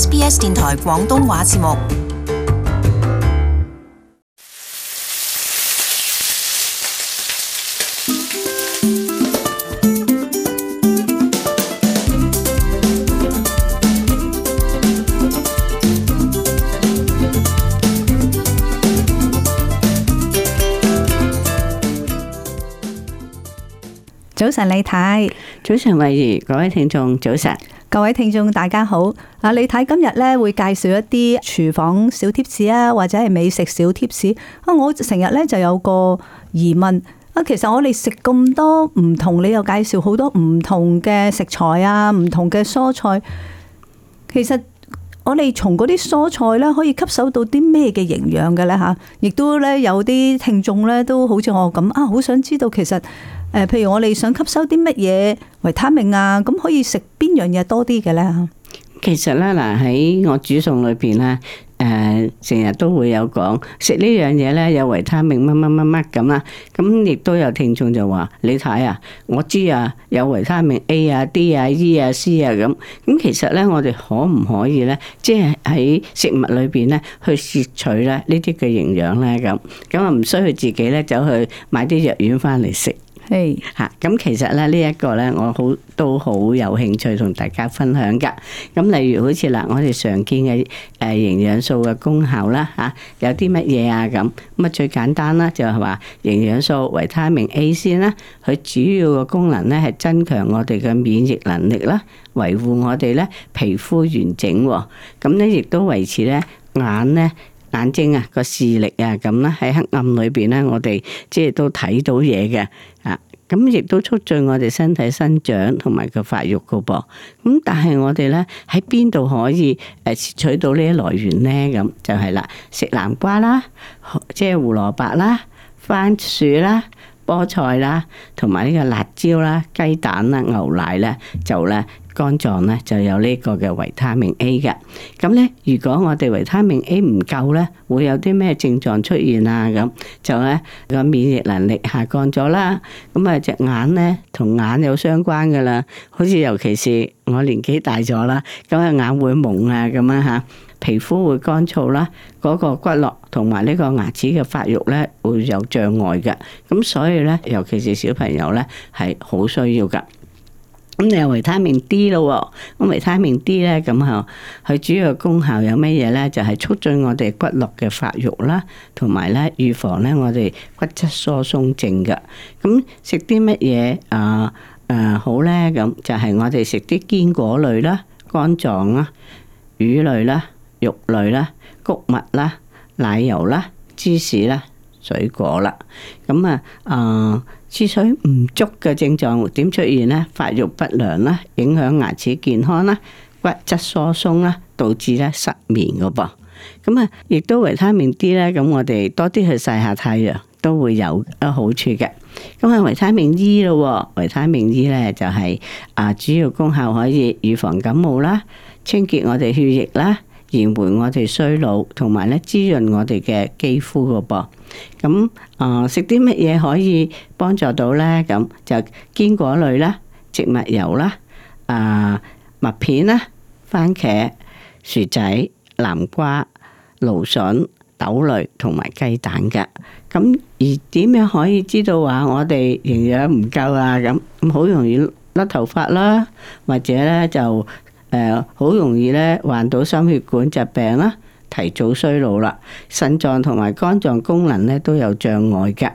SBS 電台廣東話節目。早晨，李太。早晨，慧如，各位聽眾，早晨。各位聽眾大家好，啊，你睇今日咧，會介紹一啲廚房小 t 士 p 啊，或者係美食小 t 士。啊，我成日咧就有個疑問，啊，其實我哋食咁多唔同，你又介紹好多唔同嘅食材啊，唔同嘅蔬菜。其實我哋從嗰啲蔬菜咧，可以吸收到啲咩嘅營養嘅咧吓？亦都咧有啲聽眾咧都好似我咁啊，好想知道其實。誒，譬如我哋想吸收啲乜嘢維他命啊，咁可以食邊樣嘢多啲嘅咧？其實咧，嗱喺我煮餸裏邊咧，誒成日都會有講食呢樣嘢咧，有維他命乜乜乜乜咁啦。咁亦都有聽眾就話：你睇啊，我知啊，有維他命 A 啊、D 啊、E 啊、C 啊咁。咁其實咧，我哋可唔可以咧，即係喺食物裏邊咧去攝取咧呢啲嘅營養咧？咁咁啊，唔需要自己咧走去買啲藥丸翻嚟食。係吓，咁其實咧呢一個咧，我好都好有興趣同大家分享噶。咁例如好似啦，我哋常見嘅誒營養素嘅功效啦，吓有啲乜嘢啊咁。咁啊最簡單啦，就係話營養素維他命 A 先啦。佢主要嘅功能咧係增強我哋嘅免疫能力啦，維護我哋咧皮膚完整。咁咧亦都維持咧眼咧。眼睛啊，個視力啊，咁啦，喺黑暗裏邊咧，我哋即係都睇到嘢嘅，啊，咁亦都促進我哋身體生長同埋個發育噶噃。咁但係我哋咧喺邊度可以誒攝取到呢啲來源咧？咁就係啦，食南瓜啦，即係胡蘿蔔啦、番薯啦、菠菜啦，同埋呢個辣椒啦、雞蛋啦、牛奶咧，就啦。肝臟咧就有呢個嘅維他命 A 嘅，咁咧如果我哋維他命 A 唔夠咧，會有啲咩症狀出現啊？咁就咧個免疫能力下降咗啦，咁啊隻眼咧同眼有相關噶啦，好似尤其是我年紀大咗啦，咁啊眼會蒙啊咁樣吓，皮膚會乾燥啦，嗰個骨骼同埋呢個牙齒嘅發育咧會有障礙嘅，咁所以咧尤其是小朋友咧係好需要噶。咁你有維他命 D 咯，咁維他命 D 咧咁嗬，佢主要功效有咩嘢咧？就係促進我哋骨骼嘅發育啦，同埋咧預防咧我哋骨質疏鬆症㗎。咁食啲乜嘢啊？誒好咧，咁就係我哋食啲堅果類啦、肝臟啦、魚類啦、肉類啦、穀物啦、奶油啦、芝士啦。水果啦，咁啊，誒、呃，攝水唔足嘅症狀點出現呢？發育不良啦，影響牙齒健康啦，骨質疏鬆啦，導致咧失眠嘅噃。咁啊，亦都維他命 D 咧，咁我哋多啲去晒下太陽都會有個好處嘅。咁係維他命 E 咯，維他命 E 咧就係啊，主要功效可以預防感冒啦，清潔我哋血液啦。延緩我哋衰老，同埋咧滋潤我哋嘅肌膚噶噃。咁啊，食啲乜嘢可以幫助到咧？咁就堅果類啦、植物油啦、啊、呃、麥片啦、番茄、薯仔、南瓜、蘆筍、豆類同埋雞蛋嘅。咁而點樣可以知道話我哋營養唔夠啊？咁咁好容易甩頭髮啦，或者咧就。誒，好容易咧，患到心血管疾病啦，提早衰老啦，腎臟同埋肝臟功能咧都有障礙嘅。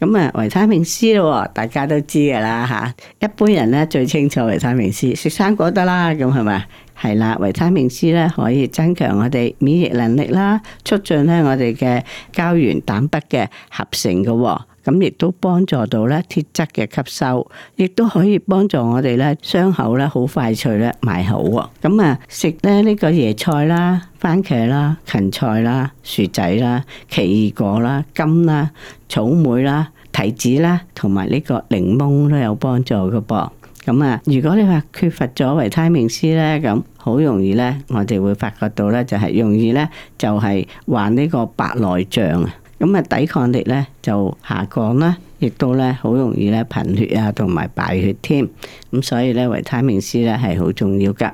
咁啊，維他命 C 咯，大家都知噶啦吓，一般人咧最清楚維他命 C，食生果得啦，咁係咪？係啦，維他命 C 咧可以增強我哋免疫能力啦，促進咧我哋嘅膠原蛋白嘅合成嘅。咁亦都幫助到咧鐵質嘅吸收，亦都可以幫助我哋咧傷口咧好快脆咧埋口喎。咁啊，食咧呢個椰菜啦、番茄啦、芹菜啦、薯仔啦、奇異果啦、柑啦、草莓啦、提子啦，同埋呢個檸檬都有幫助㗎噃。咁啊，如果你話缺乏咗維他命 C 咧，咁好容易咧，我哋會發覺到咧，就係容易咧，就係患呢個白內障啊。咁啊，抵抗力咧就下降啦，亦都咧好容易咧貧血啊，同埋敗血添。咁所以咧，維他命 C 咧係好重要噶。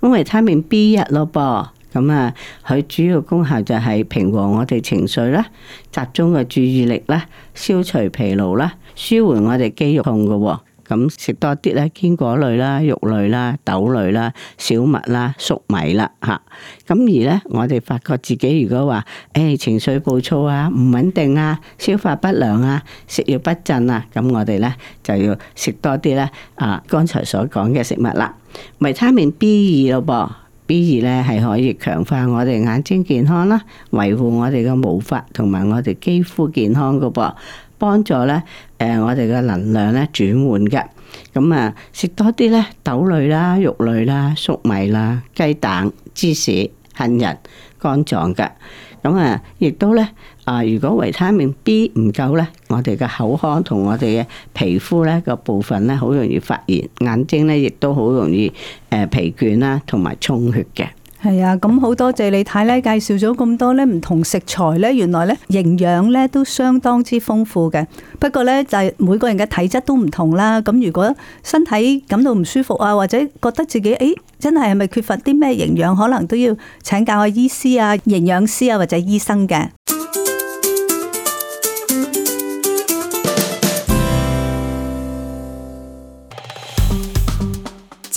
咁維他命 B 一咯噃，咁啊，佢主要功效就係平和我哋情緒啦，集中個注意力啦，消除疲勞啦，舒緩我哋肌肉痛噶。咁食多啲啦，堅果類啦、肉類啦、豆類啦、小麥啦、粟米啦，吓、啊。咁而咧，我哋發覺自己如果話，誒、哎、情緒暴躁啊、唔穩定啊、消化不良啊、食欲不振啊，咁我哋咧就要食多啲啦。啊，剛才所講嘅食物啦，維他命 B 二咯噃，B 二咧係可以強化我哋眼睛健康啦，維護我哋嘅毛髮同埋我哋肌膚健康噶噃。啊幫助咧，誒、呃、我哋嘅能量咧轉換嘅咁啊，食、嗯、多啲咧豆類啦、肉類啦、粟米啦、雞蛋、芝士、杏仁、肝臟嘅咁啊，亦、嗯、都咧啊、呃，如果維他命 B 唔夠咧，我哋嘅口腔同我哋嘅皮膚咧、個部分咧好容易發炎，眼睛咧亦都好容易誒疲倦啦，同埋充血嘅。係啊，咁好多謝你太咧介紹咗咁多咧唔同食材咧，原來咧營養咧都相當之豐富嘅。不過咧就係每個人嘅體質都唔同啦。咁如果身體感到唔舒服啊，或者覺得自己誒真係係咪缺乏啲咩營養？可能都要請教下醫師啊、營養師啊或者醫生嘅。